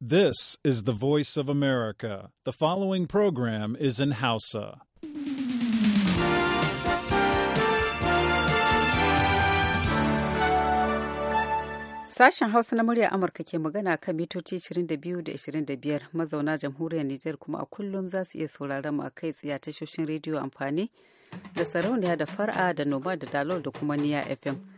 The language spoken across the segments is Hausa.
This is the voice of America. The following program is in Hausa. Sashen Hausa na murya Amurka ke magana kan mitoci 22 da 25 mazauna jamhuriyar Nijar kuma a kullum za su iya sauraron mu a kai tsiya tashoshin rediyo amfani da sarauniya da far'a da noma da dalol da kuma niya FM.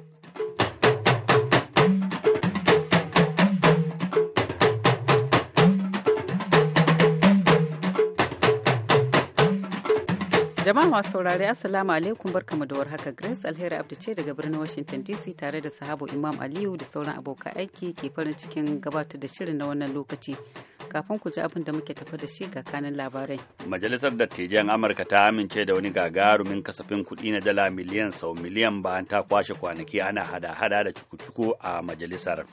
Jama'a masu saurari Assalamu alaikum barkamu da warhaka Grace Alheri Abdu ce daga birnin Washington DC tare da sahabo Imam Aliyu da sauran abokan aiki ke farin cikin gabatar da shirin na wannan lokaci. Kafin ku ji abin da muke tafa da shi ga kanin labarai. Majalisar Dattijan Amurka ta amince da wani gagarumin kasafin kuɗi na dala miliyan sau miliyan bayan ta kwashe kwanaki ana hada-hada da cuku-cuku a majalisar.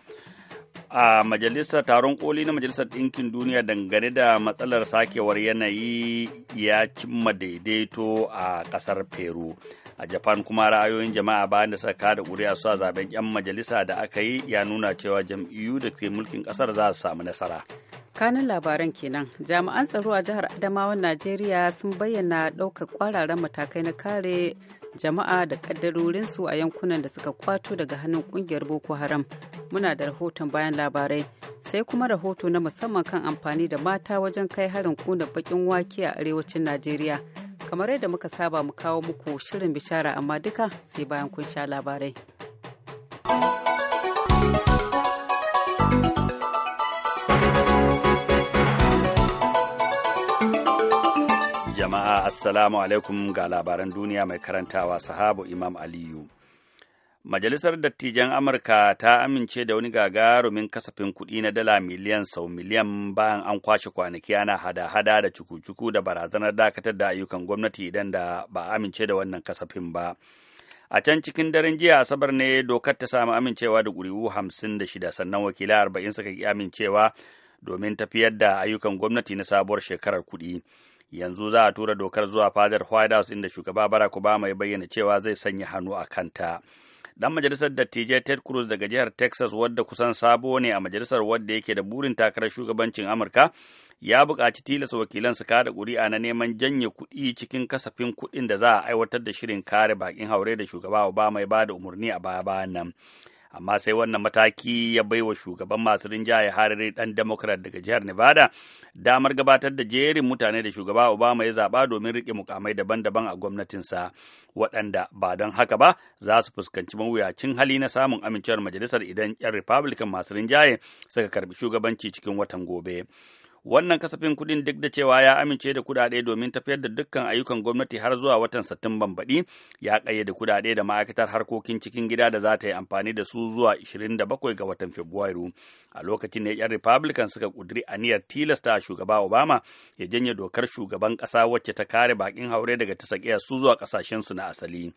a majalisar taron koli na majalisar ɗinkin duniya dangane da matsalar sakewar yanayi ya cimma daidaito a ƙasar peru a japan kuma ra'ayoyin jama'a bayan da suka kada ƙuri'a su a zaben 'yan majalisa da aka yi ya nuna cewa jam'iyyu da ke mulkin ƙasar za su samu nasara kanun labaran kenan jami'an tsaro a jihar adamawan najeriya sun bayyana ɗaukar ƙwararren matakai na kare jama'a da kaddarorinsu a yankunan da suka kwato daga hannun kungiyar boko haram muna da rahoton bayan labarai sai kuma rahoto na musamman kan amfani da mata wajen kai harin kuna bakin wake a arewacin najeriya kamar yadda muka saba mu kawo muku shirin bishara amma duka sai bayan kun sha labarai assalamu alaikum ga labaran duniya mai karantawa sahabu imam aliyu majalisar dattijan amurka ta amince da wani gagarumin kasafin kuɗi na dala miliyan sau miliyan bayan an kwashe kwanaki ana hada-hada da cuku-cuku da barazanar dakatar da ayyukan gwamnati idan da ba amince da wannan kasafin ba a can cikin daren jiya asabar ne dokar ta samu amincewa da ƙuri'u hamsin da shida sannan wakilai arba'in suka ki amincewa domin tafiyar da ayyukan gwamnati na sabuwar shekarar kuɗi. yanzu za a tura dokar zuwa fadar white house inda shugaba barack obama ya bayyana cewa zai sanya hannu a kanta dan majalisar dattijai ted cruz daga jihar texas wadda kusan sabo ne a majalisar wadda yake da burin takarar shugabancin amurka ya buƙaci tilasta wakilan su kada ƙuri'a na neman janye kuɗi cikin kasafin kuɗin da za a aiwatar da shirin kare bakin haure da shugaba obama ya bada da umarni a baya bayan nan amma sai wannan mataki ya bai wa shugaban masu rinjaye harare dan democrat daga jihar nevada damar gabatar da jerin mutane da shugaba obama ya zaba domin rike mukamai daban-daban a gwamnatinsa waɗanda ba don haka ba za su fuskanci mawuyacin hali na samun amincewar majalisar idan 'yan republican masu rinjaye suka karbi shugabanci cikin watan gobe. wannan kasafin kuɗin duk da cewa ya amince da kuɗaɗe domin tafiyar da dukkan ayyukan gwamnati har zuwa watan satumban baɗi ya ƙayyade kuɗaɗe da ma'aikatar harkokin cikin gida da za ta yi amfani da su zuwa 27 ga watan fabrairu a lokacin da yan republican suka ƙudiri aniyar tilasta shugaba obama ya janye dokar shugaban ƙasa wacce ta kare baƙin haure daga ta su zuwa ƙasashensu na asali.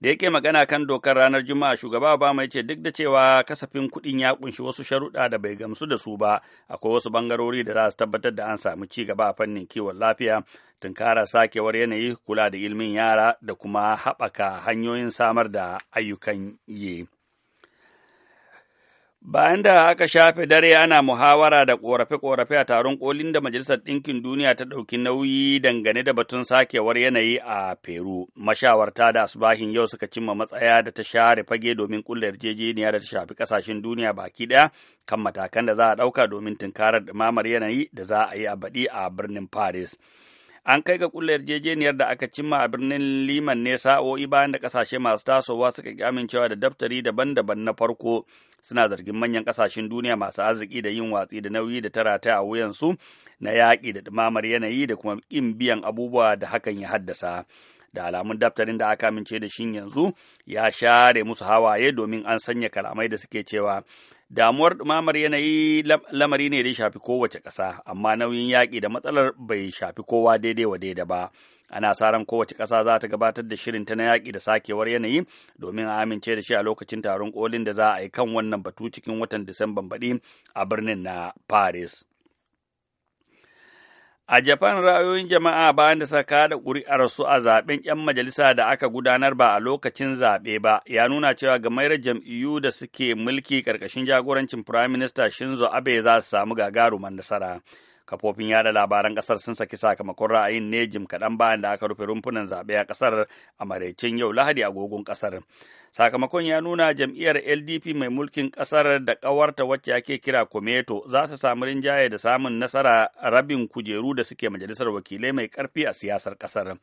da yake magana kan dokar ranar juma'a shugaba obama ya ce duk da cewa kasafin kuɗin ya kunshi wasu sharuɗa da bai gamsu da su ba akwai wasu bangarori da za su tabbatar da an samu ci gaba a fannin kiwon lafiya tunkara sakewar yanayi kula da ilimin yara da kuma haɓaka hanyoyin samar da ayyukan yi. Bayan da aka shafe dare ana muhawara da ƙorafe-ƙorafe a taron kolin da Majalisar Ɗinkin Duniya ta ɗauki nauyi dangane da batun sakewar yanayi a Peru, mashawarta da asubahin yau suka cimma matsaya da ta share fage domin ƙulla yarjejeniya da ta shafi ƙasashen duniya baki ɗaya kan matakan da za a ɗauka domin tunkarar ɗumamar yanayi da za a yi a baɗi a birnin Paris. an kai ga ƙulla yarjejeniyar da aka cimma a birnin liman ne sa'o'i bayan da kasashe masu tasowa suka ki amincewa da daftari daban-daban na farko suna zargin manyan kasashen duniya masu arziki da yin watsi da nauyi da tarata a wuyansu na yaƙi da dumamar yanayi da kuma ƙin biyan abubuwa da hakan ya haddasa da alamun daftarin da aka amince da shi yanzu ya share musu hawaye domin an sanya kalamai da suke cewa damuwar ɗumamar yanayi lamari ne da ya shafi kowace ƙasa amma nauyin yaƙi da matsalar bai shafi kowa daidai wa daidai ba ana sa kowace ƙasa za ta gabatar da shirin ta na yaƙi da sakewar yanayi domin a amince da shi a lokacin taron kolin da za a yi kan wannan batu cikin watan disamban baɗi a birnin na paris A Japan ra'ayoyin jama'a bayan da suka kada ƙuri'ar su a zaben 'yan majalisa da aka gudanar ba a lokacin zaɓe ba ya nuna cewa gamayar jam'iyyu da suke mulki ƙarƙashin jagorancin Prime Minister Shinzo Abe za su samu gagaruman nasara. Kafofin yada labaran ƙasar sun saki sakamakon ra'ayin ne jim kaɗan bayan da aka rufe rumfunan zaɓe a ƙasar a maraicin yau Lahadi agogon ƙasar. sakamakon ya nuna jam'iyyar ldp mai mulkin ƙasar da ƙawarta wacce ake kira kometo za su samu rinjaye da samun nasara rabin kujeru da suke majalisar wakilai mai karfi a siyasar ƙasar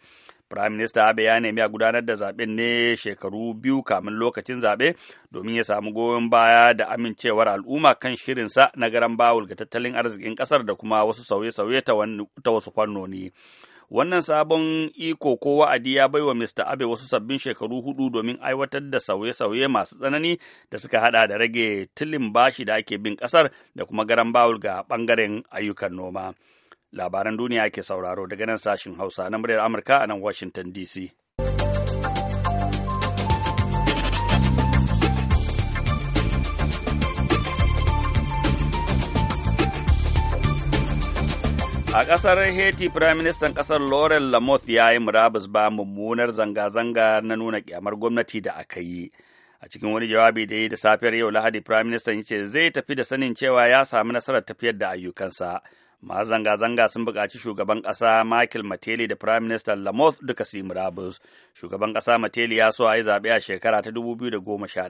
Prime Minister Abe ya nemi a gudanar da zaben ne shekaru biyu kamin lokacin zaɓe domin ya samu goyon baya da amincewar al'umma kan shirinsa na garan bawul ga tattalin arzikin ƙasar da kuma wasu sauye-sauye ta wasu fannoni. Wannan sabon iko ko wa'adi ya baiwa Mr. Abe wasu sabbin shekaru hudu domin aiwatar da sauye-sauye masu tsanani da suka hada da rage tilin bashi da ake bin kasar da kuma garan bawul ga bangaren ayyukan noma. Labaran duniya ke sauraro daga nan sashin Hausa na muryar Amurka a nan Washington DC. A ƙasar Haiti, Firaministan ƙasar Laurel Lamoth ya yi murabus ba mummunar zanga-zanga na nuna ƙyamar gwamnati da aka yi. A cikin wani jawabi da yi da safiyar yau Lahadi, Firaministan ya ce zai tafi da sanin cewa ya sami nasarar tafiyar da ayyukansa. Masu zanga-zanga sun buƙaci shugaban ƙasa Michael Mateli da Prime Minister Lamoth duka su yi murabus. Shugaban ƙasa Mateli ya so a yi zaɓe a shekara ta dubu biyu da goma sha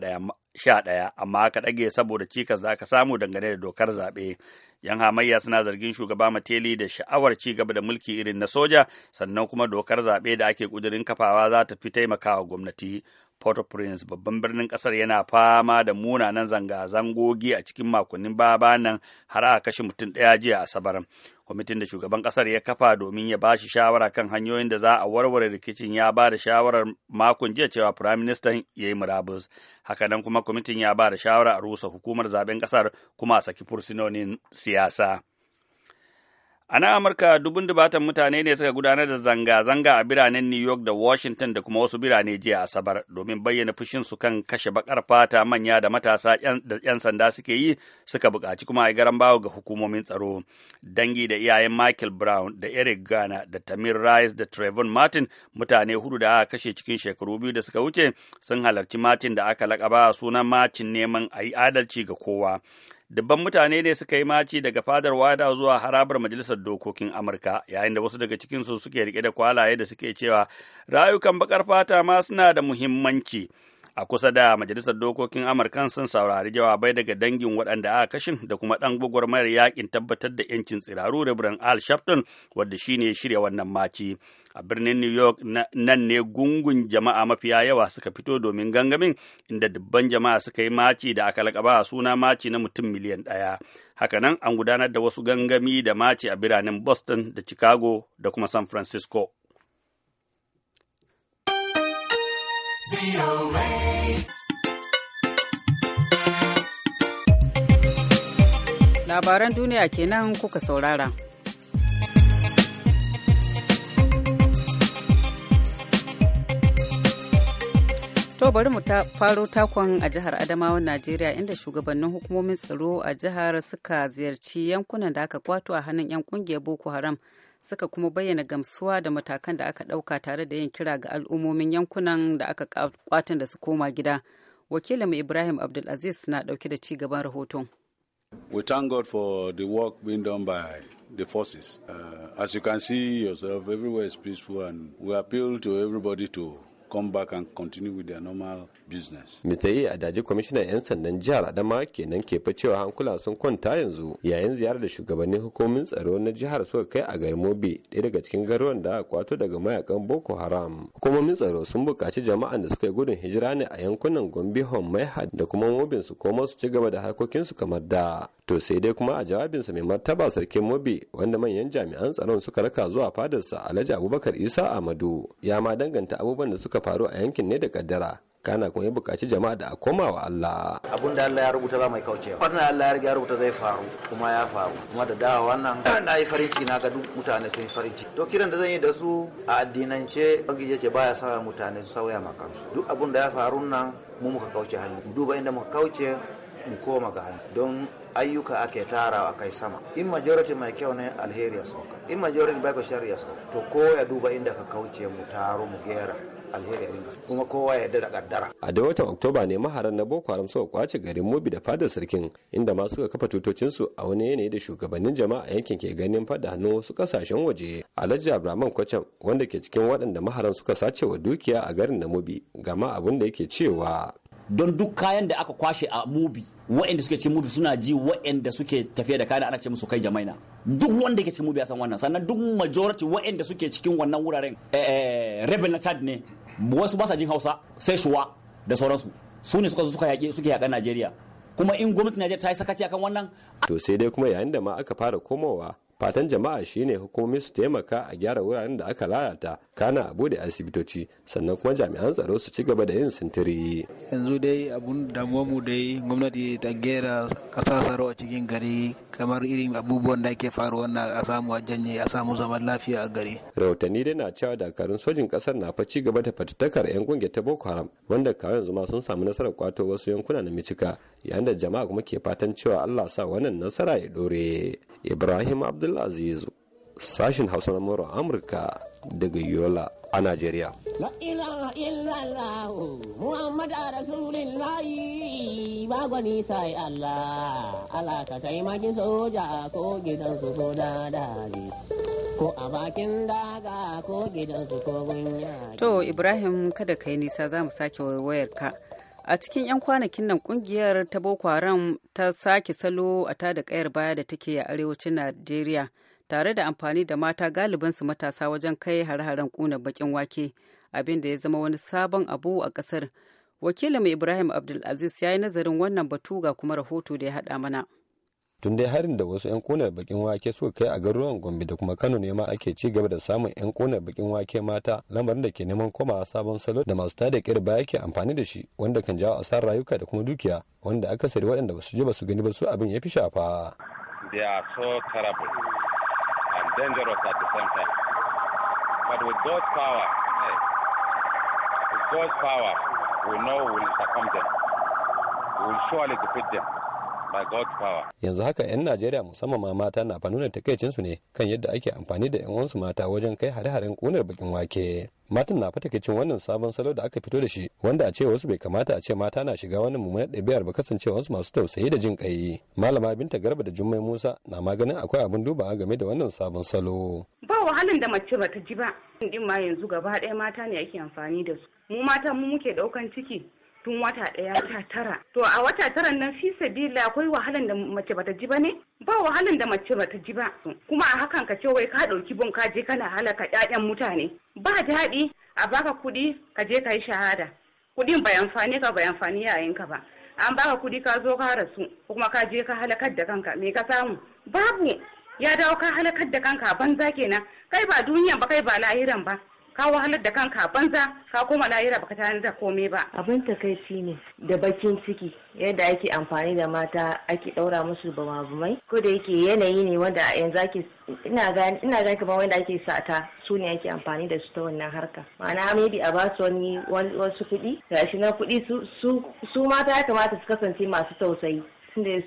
ɗaya, amma aka ɗage saboda cikas da aka samu dangane da dokar zaɓe. 'yan hamayya suna zargin shugaba mateli da sha'awar ci gaba da mulki irin na soja sannan kuma dokar zaɓe da ake ƙudurin kafawa za ta fi taimakawa gwamnati port-au-prince babban birnin ƙasar yana fama da munanan zanga-zangogi a cikin makonnin baba nan har a kashe mutum ɗaya jiya asabar kwamitin da shugaban kasar ya kafa domin ya bashi shawara kan hanyoyin da za a warware rikicin ya ba da shawarar makon jiya cewa firaministan ya yi murabus haka nan kuma kwamitin ya ba da shawara a rusa hukumar zaben kasar kuma a saki fursunonin siyasa A nan Amurka dubun dubatan mutane ne suka gudanar da zanga-zanga a biranen New York da Washington da kuma wasu birane jiya Asabar domin bayyana fushinsu kan kashe bakar fata manya da matasa da 'yan sanda suke yi suka buƙaci kuma a garan bawo ga hukumomin tsaro. Dangi da iyayen Michael Brown da Eric Garner da Tamir Rice da Trayvon Martin mutane hudu da aka kashe cikin shekaru biyu da suka wuce sun halarci Martin da aka lakaba sunan macin neman a yi adalci ga kowa. Dubban mutane ne suka yi maci daga fadar wada zuwa harabar Majalisar Dokokin Amurka, yayin da wasu daga cikinsu suke rike da kwalaye da suke cewa rayukan bakar fata ma suna da muhimmanci. A kusa da Majalisar Dokokin Amurka sun saurari jawabai daga dangin waɗanda aka kashin da kuma ɗan gwagwarmayar yaƙin tabbatar da 'yancin tsiraru Reverend Al Shafton, wadda shine shirya wannan maci. a birnin new york nan ne gungun jama'a mafiya yawa suka fito domin gangamin inda dubban jama'a suka yi maci da aka lakaba suna maci na mutum miliyan ɗaya hakanan an gudanar da wasu gangami da maci a biranen boston da chicago da kuma san francisco labaran duniya kenan kuka saurara. To bari mu ta faro takon a jihar Adamawa Najeriya inda shugabannin hukumomin tsaro a jihar suka ziyarci yankunan da aka kwato a hannun 'yan kungiyar Boko Haram suka kuma bayyana gamsuwa da matakan da aka ɗauka tare da yin kira ga al'ummomin yankunan da aka kwatan da su koma gida. Wakilin mu Ibrahim Abdulaziz na ɗauke da ci gaban rahoton. We thank God for the work being done by the forces. Uh, as you can see yourself, everywhere is peaceful and we appeal to everybody to come back and continue with their normal business. Mr. E Adaji kwamishinan 'yan sandan jihar Adama kenan ke fa cewa hankula sun kwanta yanzu yayin ziyarar da shugabannin hukumomin tsaro na jihar suka kai a garin Mobe ɗaya daga cikin garuruwan da aka kwato daga mayakan Boko Haram. Hukumomin tsaro sun buƙaci jama'an da suka yi gudun hijira ne a yankunan Gombe Hommaiha da kuma Mobin su koma su ci gaba da harkokin su kamar da. To sai dai kuma a jawabinsa mai martaba sarkin Mobe wanda manyan jami'an tsaron suka raka zuwa fadarsa Alhaji Abubakar Isa Amadu ya ma danganta abubuwan da suka faru a yankin ne da kaddara kana kuma ya buƙaci jama'a da a koma wa Allah abun da Allah ya rubuta ba mai kaucewa wannan Allah ya riga ya rubuta zai faru kuma ya faru kuma da dawa wannan na yi farin ciki na ga duk mutane sun yi farin ciki to kiran da zan yi da su a addinance bangiji ce baya sauya mutane su sauya ma kansu duk abun da ya faru nan mu muka kauce hanya duba inda muka kauce mu koma ga hali. don ayyuka ake a kai sama in majority mai kyau ne alheri ya sauka in majority bai ko shari'a ya sauka to ko ya duba inda ka kauce mu taro mu gera alheri a kuma kowa ya yarda da kaddara a da watan oktoba ne maharan na boko haram suka kwace garin mobi da fadar sarkin inda ma suka kafa tutocinsu a wani yanayi da shugabannin jama'a yankin ke ganin fada hannu wasu kasashen waje alhaji abraman kwacham wanda ke cikin waɗanda maharan suka sace wa dukiya a garin na mobi gama abin da yake cewa don duk kayan da aka kwashe a mubi wa'anda suke cikin mubi suna ji wa'anda suke tafiya da kayan ana ce musu kai jamaina duk wanda ke cikin mubi ya san wannan sannan duk majority wa'anda suke cikin wannan wuraren eh, eh, rebel na chad ne wasu ba sa jin hausa sai shuwa da sauransu su ne suka suka yaƙi suke yaƙa najeriya kuma in gwamnatin najeriya ta yi sakaci akan wannan to sai dai kuma yayin da ma aka fara komowa fatan jama'a shine hukumomi su taimaka a gyara wuraren da aka lalata kana a bude asibitoci sannan kuma jami'an tsaro su ci gaba da yin sintiri yanzu dai abun damuwa mu dai gwamnati ta gera kasa tsaro a cikin gari kamar irin abubuwan da ke faruwa na a samu a janye a samu zaman lafiya a gari rahotanni dai na cewa dakarun sojin kasar na fa ci gaba da fatattakar yan kungiyar ta boko haram wanda kawai yanzu ma sun samu nasarar kwato wasu yankuna na micika yayin da jama'a kuma ke fatan cewa Allah sa wannan nasara ya dore Ibrahim Abdulaziz sashin Hausa na Moro Amurka daga Yola a Najeriya La ilaha illallah Muhammad Rasulullah ba gwani sai Allah Allah ka taimaki soja ko gidan su ko dadali ko a bakin daga ko gidan su ko gunya To Ibrahim kada kai nisa za mu sake wayar ka a cikin 'yan kwanakin nan kungiyar ta boko haram ta sake salo a ta da kayar baya da take a arewacin najeriya tare da amfani da mata galibinsu matasa wajen kai har-haren kuna bakin wake abin da ya zama wani sabon abu a kasar wakilin ibrahim abdulaziz ya yi nazarin wannan batu ga kuma rahoto da ya haɗa mana tun dai harin da wasu 'yan konar bakin wake suka kai a garuruwan gombe da kuma kano ne ma ake ci gaba da samun 'yan konar bakin wake mata lamarin da ke neman komawa sabon salo da masu tada kirba yake amfani da shi wanda kan jawo asar rayuka da kuma dukiya wanda aka waɗanda ba su je ba su gani ba su abin ya fi shafa. they power we know will succumb them we will surely defeat them by God's power. Yanzu haka 'yan Najeriya musamman ma mata na fa nuna takaicinsu ne kan yadda ake amfani da 'yan uwansu mata wajen kai hare-haren ƙunar bakin wake. Matan na fata kicin wannan sabon salo da aka fito da shi wanda a ce wasu bai kamata a ce mata na shiga wani mummunar ɗabi'ar ba wasu masu tausayi da jin ƙai. Malama Binta Garba da Jummai Musa na maganin akwai abin dubawa game da wannan sabon salo. Ba wahalan da mace ba ta ji ba. Din ma yanzu gaba ɗaya mata ne ake amfani da su. Mu mata mu muke ɗaukan ciki tun wata ɗaya ta tara to a wata tara nan fi sabila akwai wahalan da mace bata ji ba ne ba wahalan da mace bata ji ba kuma a hakan ka ce wai ka ɗauki bun ka je kana halaka ƴaƴan mutane ba daɗi a baka kuɗi ka je ka yi shahada kuɗin bai amfani ka bai amfani ka ba an baka kuɗi ka zo ka rasu kuma ka je ka halakar da kanka me ka samu babu ya dawo ka halakar da kanka banza kenan kai ba duniyan ba kai ba lahiran ba ka wahalar da kanka banza ka koma lahira baka tare da komai ba abin takaici ne da bakin ciki yadda ake amfani da mata ake daura musu bumabumai ko da yake yanayi ne wanda yanzu ake ina ga ina ga wanda ake sata su ne ake amfani da su ta wannan harka ma'ana maybe a basu wani wasu kuɗi gashi na kuɗi su su mata ya kamata su kasance masu tausayi su ne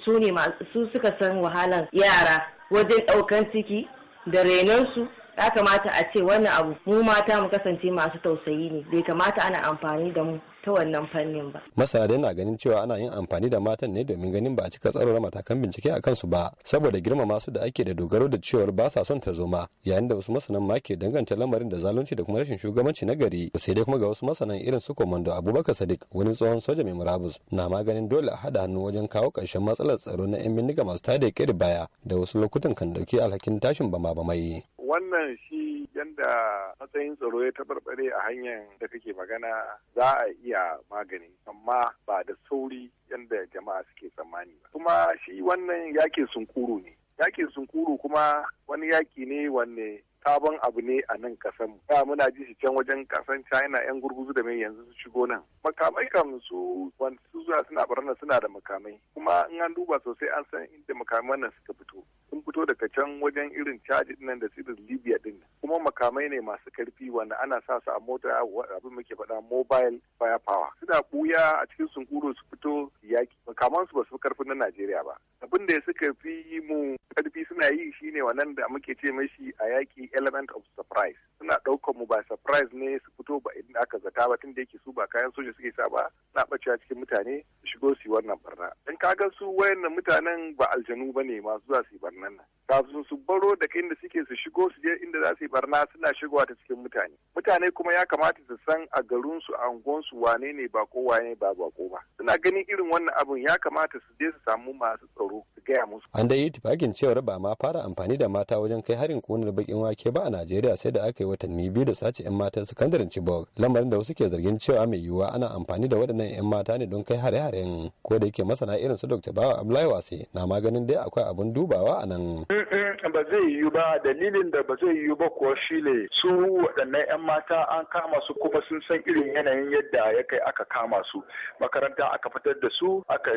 su suka san wahalan yara wajen ɗaukan ciki da renon su. ya kamata a ce wannan abu mu mata mu kasance masu tausayi ne bai kamata ana amfani da mu ta wannan fannin ba. Masana dai na ganin cewa ana yin amfani da matan ne domin ganin ba a cika tsarora matakan bincike a kansu ba saboda girma masu da ake da dogaro da cewar ba sa son tarzoma yayin da wasu masanan ma ke danganta lamarin da zalunci da kuma rashin shugabanci na gari sai dai kuma ga wasu masanan irin su komando Abubakar Sadiq wani tsohon soja mai murabus na maganin dole a haɗa hannu wajen kawo ƙarshen matsalar tsaro na 'yan bindiga masu tada ya baya da wasu lokutan kan ɗauki alhakin tashin bama bamai. wannan shi yadda matsayin tsaro ya tabarbare a hanyar da kake magana za a iya magani amma ba da sauri yadda jama'a suke tsammani ba kuma shi wannan yakin sunkuru ne yakin sunkuru kuma wani yaki ne wanne sabon abu ne a nan kasan ya muna ji shi can wajen kasan china yan gurguzu da mai yanzu su shigo nan makamai kam su wanda su zuwa suna barna suna da makamai kuma in an duba sosai an san inda makamai nan suka fito sun fito daga can wajen irin caji nan da su libya din kuma makamai ne masu karfi wanda ana sa su a mota abin muke faɗa mobile firepower suna buya a cikin sunkuru su fito yaki makaman su ba su karfin na najeriya ba abin da suka fi mu karfi suna yi shine wannan da muke ce mashi a yaki element of surprise suna ɗaukar mu ba surprise ne su fito ba idan aka zata ba tun da yake su ba kayan soja suke sa ba na bacewa cikin mutane su shigo su yi wannan barna In ka ga su wayannan mutanen ba aljanu ba ne masu za su yi barnan nan kafin su baro da kai inda suke su shigo su je inda za su yi barna suna shigowa ta cikin mutane mutane kuma ya kamata su san a garin su a unguwan su wane ne ba ko wane ba ba ko ba suna ganin irin wannan abun ya kamata su je su samu masu tsaro gaya musu. An dai yi tufakin cewar ba ma fara amfani da mata wajen kai harin kunar bakin wake ba a Najeriya sai da aka yi watanni biyu da sace 'yan matan sakandaren Chibok. Lamarin da wasu ke zargin cewa mai yiwuwa ana amfani da waɗannan 'yan mata ne don kai hare-haren. Ko da yake masana irin su Dr. Bawa Abdullahi Wase na maganin dai akwai abun dubawa a nan. Eh, eh, ba zai yiwu ba dalilin da ba zai yiwu ba kuwa shi ne su waɗannan 'yan mata an kama su kuma sun san irin yanayin yadda ya kai aka kama su. Makaranta aka fitar da su aka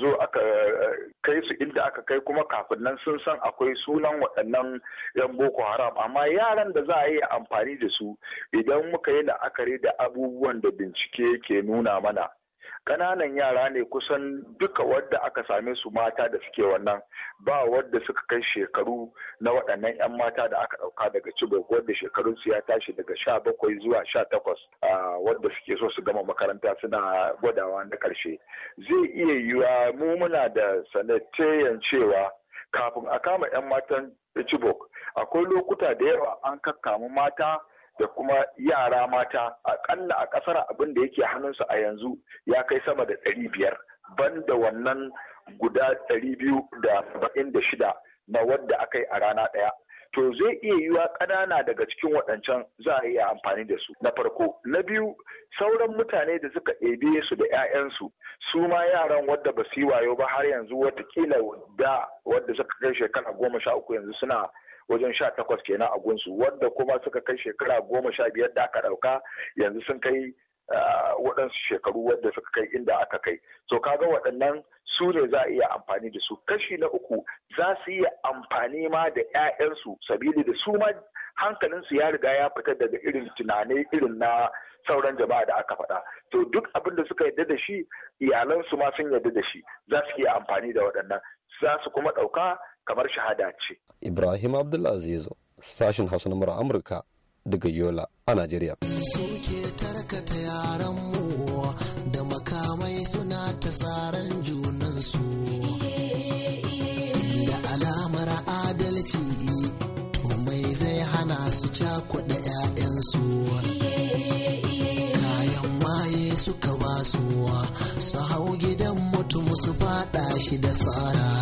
zo aka eh, kai su inda da aka kai kuma kafin nan sun san akwai sunan waɗannan yan boko haram amma yaran da za a yi amfani da su idan muka yi la'akari da abubuwan da bincike ke nuna mana ƙananan yara ne kusan duka wadda aka same su mata da suke wannan ba wadda suka kai shekaru na waɗannan 'yan mata da aka ɗauka daga cibok wadda shekarunsu ya tashi daga sha bakwai zuwa sha takwas wadda suke so su gama makaranta suna gwadawa na ƙarshe zai iya yiwa mu muna da sanatayen cewa kafin a kama 'yan matan Chibok, akwai lokuta da yawa an kakkamu mata da kuma yara mata akalla a kasar abin da yake hannunsu a yanzu ya kai sama da ɗari biyar ban da wannan guda ɗari biyu da saba'in da shida na wadda aka yi a rana ɗaya to zai iya yiwa ƙanana daga cikin waɗancan za a iya amfani da su na farko na biyu sauran mutane da suka ɗebe su da 'ya'yansu su ma yaran wadda ba su yi wayo ba har yanzu watakila da wadda suka kai shekara goma sha uku yanzu suna wajen sha takwas kenan a gunsu wadda kuma suka kai shekara goma sha biyar da aka ɗauka yanzu sun kai ah, waɗansu shekaru wadda suka kai inda aka kai so kaga waɗannan su ne za a iya amfani da su kashi na uku za su iya amfani ma da 'ya'yansu sabili da su ma hankalinsu ya riga ya fita daga irin tunanai irin na sauran jama'a da aka faɗa to duk abin da suka yarda da shi iyalansu ma sun yarda da shi za su iya amfani da waɗannan za su kuma ɗauka kamar shahada ce. Ibrahim Abdulaziz sashin Hausa na Amurka daga Yola a Najeriya. Su ke tarkata yaran mu da makamai suna ta tsaran junansu. Inda alamar adalci to mai zai hana su cakuɗa 'ya'yansu. Kayan maye suka basuwa su hau gidan mutum su faɗa shi da tsara.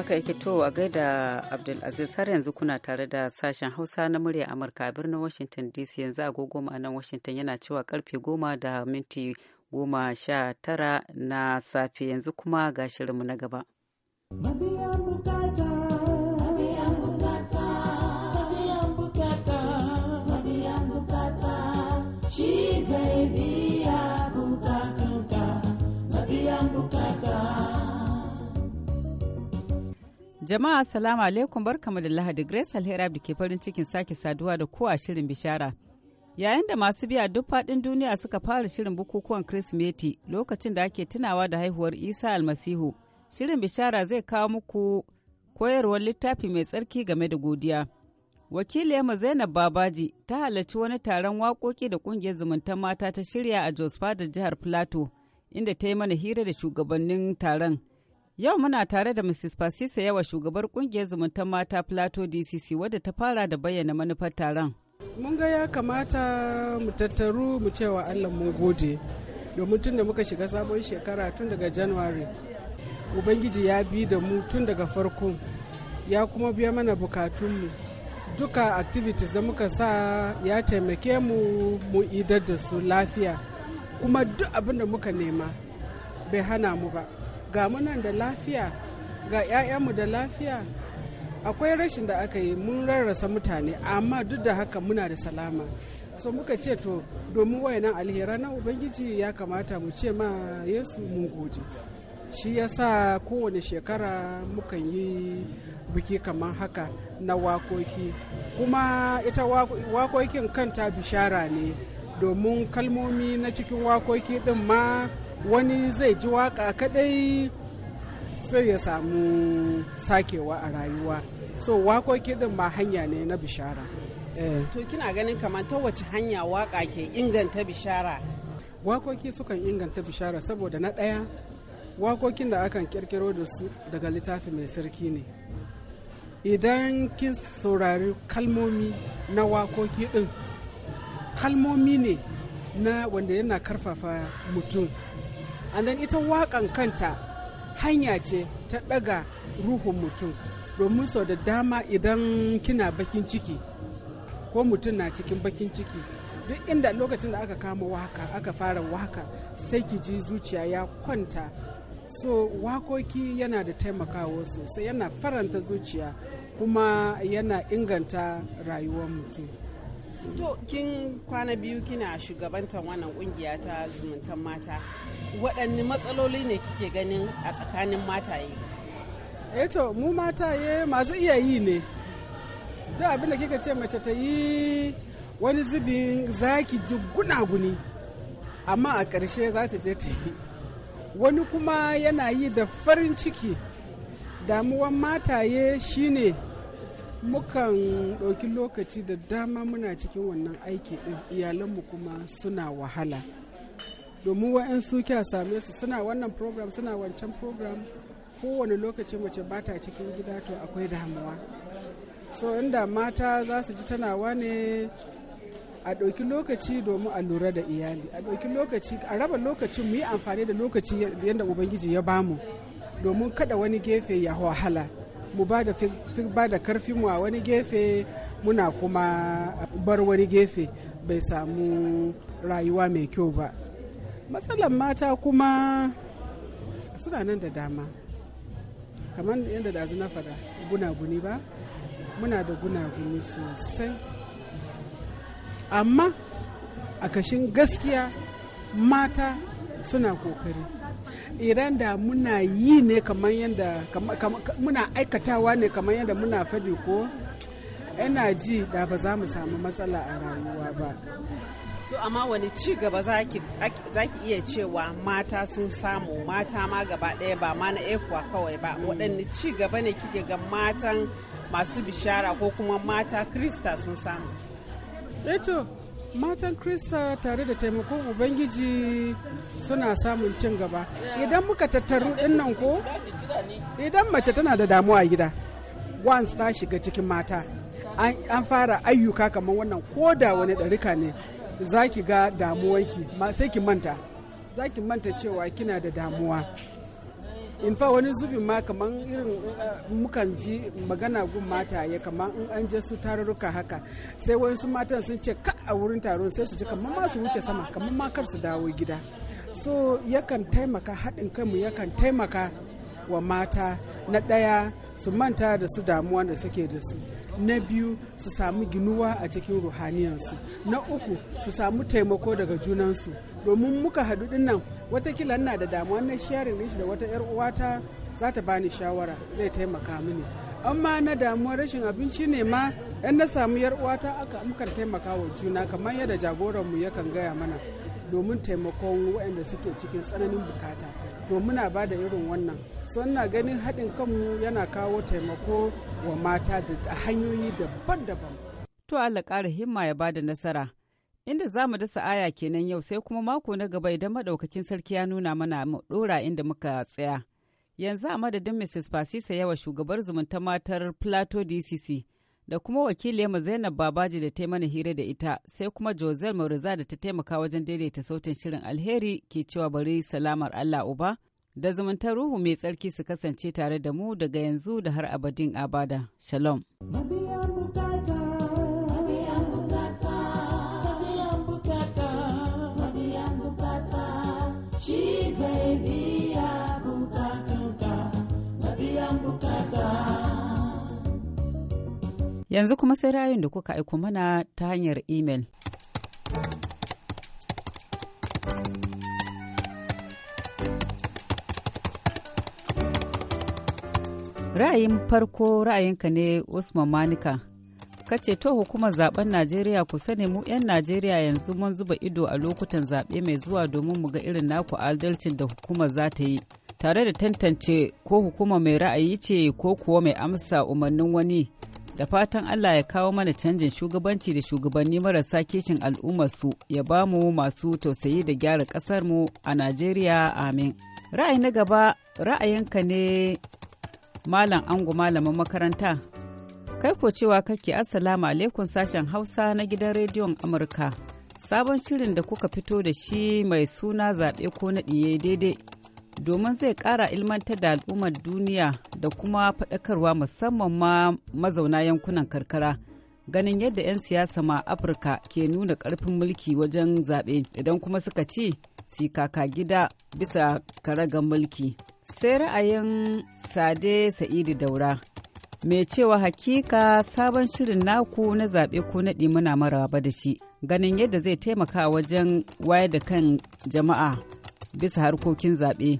Haka yake to a gaida Abdulaziz har yanzu kuna tare da sashen Hausa na murya Amurka a birnin Washington DC yanzu agogo ma'anan Washington yana cewa karfe goma da minti goma sha tara na safe yanzu kuma ga shirinmu na gaba. Jama'a salamu alaikum barkamu da Lahadi Grace alhera da ke farin cikin sake saduwa da ko a shirin bishara. Yayin da masu biya duk faɗin duniya suka fara shirin bukukuwan Kirsimeti lokacin da ake tunawa da haihuwar Isa almasihu, shirin bishara zai kawo muku koyarwar littafi mai tsarki game da godiya. wakili Wakiliyarmu Zainab Babaji ta halarci wani taron waƙoƙi da ƙungiyar zumuntar mata ta shirya a Jos da jihar Plateau, inda ta yi mana hira da shugabannin taron. Yau muna tare da Mrs. Fasisa yawa shugabar kungiyar zumuntar mata Plateau DCC wadda ta fara da bayyana manufar taron. Mun ga ya kamata mu tattaru mu cewa Allah mun gode domin tun da muka shiga sabon shekara tun daga January. Ubangiji ya bi da mu tun daga farko ya kuma biya mana bukatunmu. Duka activities da muka sa ya taimake mu mu idar da su lafiya kuma duk abin da muka nema bai hana mu ba. ga munan da lafiya ga 'ya'yanmu da lafiya akwai rashin da aka yi mun rarrasa mutane amma duk da haka muna da salama so muka ce to domin wayanan alhera na ubangiji ya kamata mu ce ma yesu mun gode shi ya sa kowane shekara mukan yi biki kamar haka na wakoki kuma ita wakokin kanta bishara ne domin kalmomi na cikin wakoki din ma wani zai ji waka kadai sai ya samu sakewa a rayuwa so wakoki din ma hanya ne na bishara eh. to kina ganin kamar ta wace hanya waka ke inganta bishara wakoki sukan inganta bishara saboda na ɗaya wakokin da akan kirkiro da su daga littafi mai sarki ne idan kin saurari kalmomi na wakoki din kalmomi ne na wanda yana karfafa mutum and then ita wakan kanta hanya ce ta ɗaga ruhun mutum domin sau da dama idan kina bakin ciki ko mutum na cikin bakin ciki duk inda lokacin da aka kama waka aka fara waka sai ki ji zuciya ya kwanta so wakoki yana da taimakawa sosai yana faranta zuciya kuma yana inganta rayuwar mutum to kin kwana biyu kina shugabantar wannan kungiya ta zumuntan mata waɗanne matsaloli ne kike ganin a tsakanin mataye eh to mu mataye masu iya yi ne da abinda kika ce mace ta yi wani zubin zaki ji gunaguni amma a ƙarshe za ta je ta yi wani kuma yana yi da farin ciki damuwan mataye shine mukan ɗauki lokaci da dama muna cikin wannan aiki ɗin iyalanmu kuma suna wahala domin wa'yansu a same su suna wannan program suna wancan program kowane lokaci mace ba ta cikin gida to akwai damuwa so inda mata za su ji tanawa ne a ɗauki lokaci domin a lura da iyali a ɗauki lokaci a raba lokacin mu yi amfani da lokaci yadda ubangiji ya bamu domin kada wani gefe ya wahala mu ba da ba da karfi mu a wani gefe muna kuma bar wani gefe bai samu rayuwa mai kyau ba matsalar mata kuma suna nan da dama kamar yadda da na fada gunaguni ba muna da gunaguni sosai amma a kashin gaskiya mata suna kokari idan da muna yi ne kamar yadda muna aikatawa ne kamar yadda muna fadi ko yana ji da ba za mu samu matsala a rayuwa ba To amma wani ci gaba za ki iya cewa mata sun samu mata ma gaba ɗaya ba ma na ekuwa kawai ba waɗanne ci gaba ne kike ga matan masu bishara ko kuma mata krista sun samu. Eto eh matan krista tare da taimakon ubangiji suna samun cin gaba idan muka tattaru dinnan ko idan mace tana da damuwa gida once ta shiga cikin mata an fara ayyuka kamar wannan ko da wani ɗarika ne za ki ga damuwanki ma sai ki manta za ki manta cewa kina da damuwa in fa wani zubin ma kamar irin eh, mukan ji magana gun mata ya kamar in an je su tarurruka haka sai wasu matan sun ce ka a wurin taron sai su ji kamar ma su wuce sama kamar ma kar su dawo gida so yakan taimaka haɗin kanmu yakan taimaka wa mata na ɗaya su manta da su damuwa da suke da su na biyu su samu ginuwa a cikin ruhaniyansu na uku su samu taimako daga junansu domin muka haɗu nan. watakila na da damuwa na sharing din shi da wata yar uwata za ta bani shawara zai taimaka mini amma na damuwa rashin abinci ne ma yan na samu yar uwata aka muka taimaka wa juna kamar yadda jagoranmu yakan gaya mana domin taimakon waɗanda suke cikin tsananin bukata to muna ba da irin wannan sannan ganin haɗin kanmu yana kawo taimako wa mata da hanyoyi daban-daban to Allah ƙara himma ya bada nasara inda za mu dasa aya kenan yau sai kuma mako na gaba idan madaukakin sarki ya nuna mana mu ɗora inda muka tsaya yanzu a madadin mrs fasisa yawa shugabar zumunta matar plateau dcc da kuma wakiliyarmu Zainab Babaji da ta mana hira da ita sai kuma Josel Mauriza da ta taimaka wajen daidaita sautin shirin alheri ke cewa bari salamar Allah uba da zumuntar ruhu mai tsarki su kasance tare da mu daga yanzu da har abadin abada. Shalom. Yanzu kuma sai rayun da kuka aiko mana ta hanyar imel. Ra'ayin farko ra'ayinka ne Usman Manika. kace to hukumar zaben Najeriya ku sani mu 'yan Najeriya yanzu mun zuba ido a lokutan zaɓe mai zuwa domin mu ga irin naku adalcin da hukumar za ta yi tare da tantance ko hukuma mai ra'ayi ce ko kuwa mai amsa umarnin wani da fatan Allah ya kawo mana canjin shugabanci da shugabanni marasa kishin su ya ba mu masu tausayi da gyara ƙasar mu a Najeriya amin. Ra'ayi na gaba ra'ayinka ne malam ango malamin makaranta. Kai ko cewa kake assalamu alaikum sashen Hausa na gidan rediyon Amurka. Sabon shirin da kuka fito da shi mai suna zaɓe ko naɗi daidai domin zai ƙara ilmantar da al'ummar duniya da kuma faɗakarwa musamman ma mazauna yankunan karkara ganin yadda 'yan siyasa ma afirka ke nuna ƙarfin mulki wajen zaɓe idan kuma suka ci si kaka gida bisa karagar mulki sai ra'ayin sade sa'idu daura mai cewa hakika sabon shirin naku na zaɓe ko naɗi muna maraba da shi ganin yadda zai taimaka wajen wayar da kan jama'a bisa harkokin zaɓe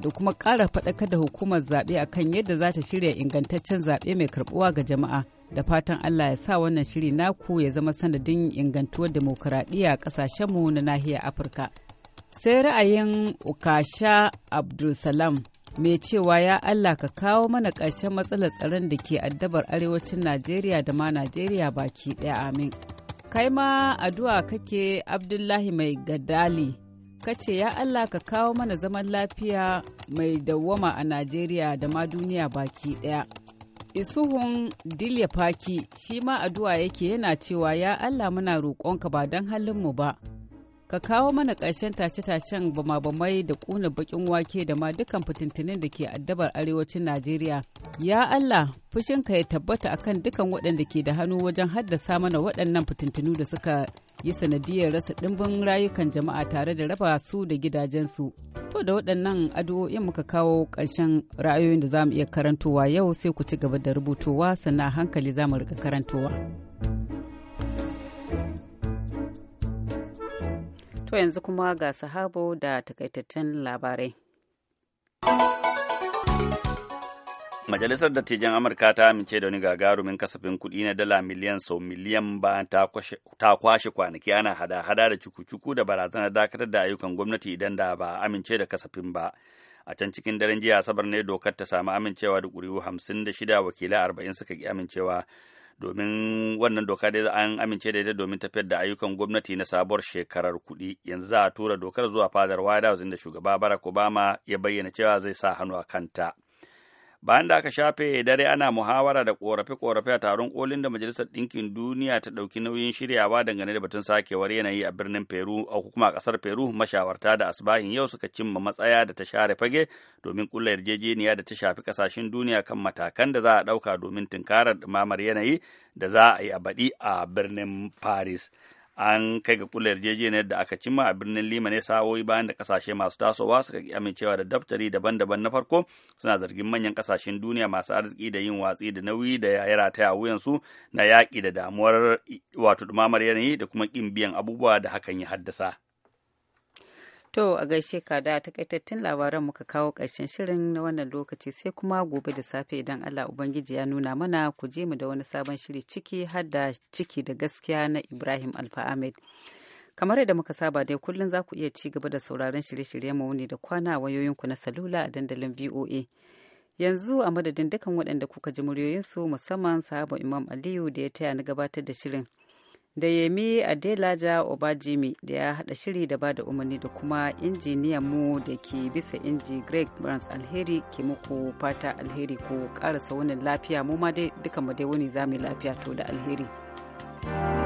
da kuma ƙara faɗakar da hukumar zaɓe a kan yadda za ta shirya ingantaccen zaɓe mai karɓuwa ga jama'a da fatan Allah ya sa wannan shiri naku ya zama sanadin ingantuwar demokuraɗiyya a ƙasashenmu na nahiyar Afirka. Sai ra'ayin Ukasha Abdulsalam mai cewa ya Allah ka kawo mana ƙarshen matsalar tsaron da ke addabar arewacin Najeriya da ma Najeriya baki ɗaya amin. Kai ma addu'a kake Abdullahi mai gadali. ka ce ya Allah ka kawo mana zaman lafiya mai dawwama a Najeriya da ma duniya baki ɗaya. Isuhun Dilya Faki shi ma addu'a yake yana cewa ya Allah muna roƙonka ba don halinmu ba, ka kawo mana ƙarshen tashe-tashen bamabamai da ƙuna bakin wake da ma dukkan fitintunin da ke addabar arewacin Najeriya. Ya Allah, fushinka ya tabbata akan dukkan waɗanda ke da hannu wajen haddasa mana waɗannan fitintunu da suka yi sanadiyar rasa ɗimbin rayukan jama'a tare da raba su da gidajensu. To da waɗannan addu'o'in muka kawo ƙarshen ra'ayoyin da za mu iya karantowa yau sai ku ci gaba da rubutowa sannan hankali za mu riƙa karantowa. To yanzu kuma ga sahabo da takaitattun labarai. Majalisar Dattijan Amurka ta amince da wani gagarumin kasafin kuɗi na dala miliyan sau miliyan ba ta kwashe kwanaki ana hada-hada da cuku-cuku da barazanar dakatar da ayyukan gwamnati idan da ba amince da kasafin ba. A can cikin daren jiya Asabar ne dokar ta samu amincewa da ƙuri'u hamsin da shida wakilai arba'in suka ki amincewa. domin wannan doka dai an amince da ita domin tafiyar da ayyukan gwamnati na sabuwar shekarar kuɗi yanzu za a tura dokar zuwa fadar white house inda shugaba barack obama ya bayyana cewa zai sa hannu a kanta bayan da aka shafe dare ana muhawara da korafe-korafe a taron kolin da majalisar ɗinkin duniya ta ɗauki nauyin shiryawa dangane da batun sakewar yanayi a birnin peru a kuma ƙasar peru mashawarta da asibahin yau suka cimma matsaya da ta share fage domin ƙulla yarjejeniya da ta shafi ƙasashen duniya kan matakan da za a ɗauka domin tunkarar ɗumamar yanayi da za a yi a baɗi a birnin paris an kai ga kula yarjejeniyar da aka cimma a birnin lima ne sa'o'i bayan da kasashe masu tasowa suka ki amincewa da daftari daban-daban na farko suna zargin manyan kasashen duniya masu arziki da yin watsi da nauyi da ya rataya wuyansu na yaƙi da damuwar wato dumamar yanayi da kuma ƙin biyan abubuwa da hakan ya haddasa. To a gaishe ka da takaitattun labaran muka kawo ƙarshen shirin na wannan lokaci sai kuma gobe da safe idan Allah Ubangiji ya nuna mana ku je mu da wani sabon shiri ciki har da ciki da gaskiya na Ibrahim Alfa Ahmed. Kamar yadda muka saba dai kullum za ku iya ci gaba da sauraron shirye-shirye mu wuni da kwana wayoyin ku na salula a dandalin VOA. Yanzu a madadin dukan waɗanda kuka ji muryoyinsu musamman sahaba Imam Aliyu da ya taya na gabatar da shirin. da yemi adelaja obajimi da ya hada shiri da bada umarni da kuma injiniyan mu da ke bisa inji greg burns alheri ke muku fata alheri ko karasa wani lafiya mu ma dai duka mu dai wani zamu lafiya to da alheri thank you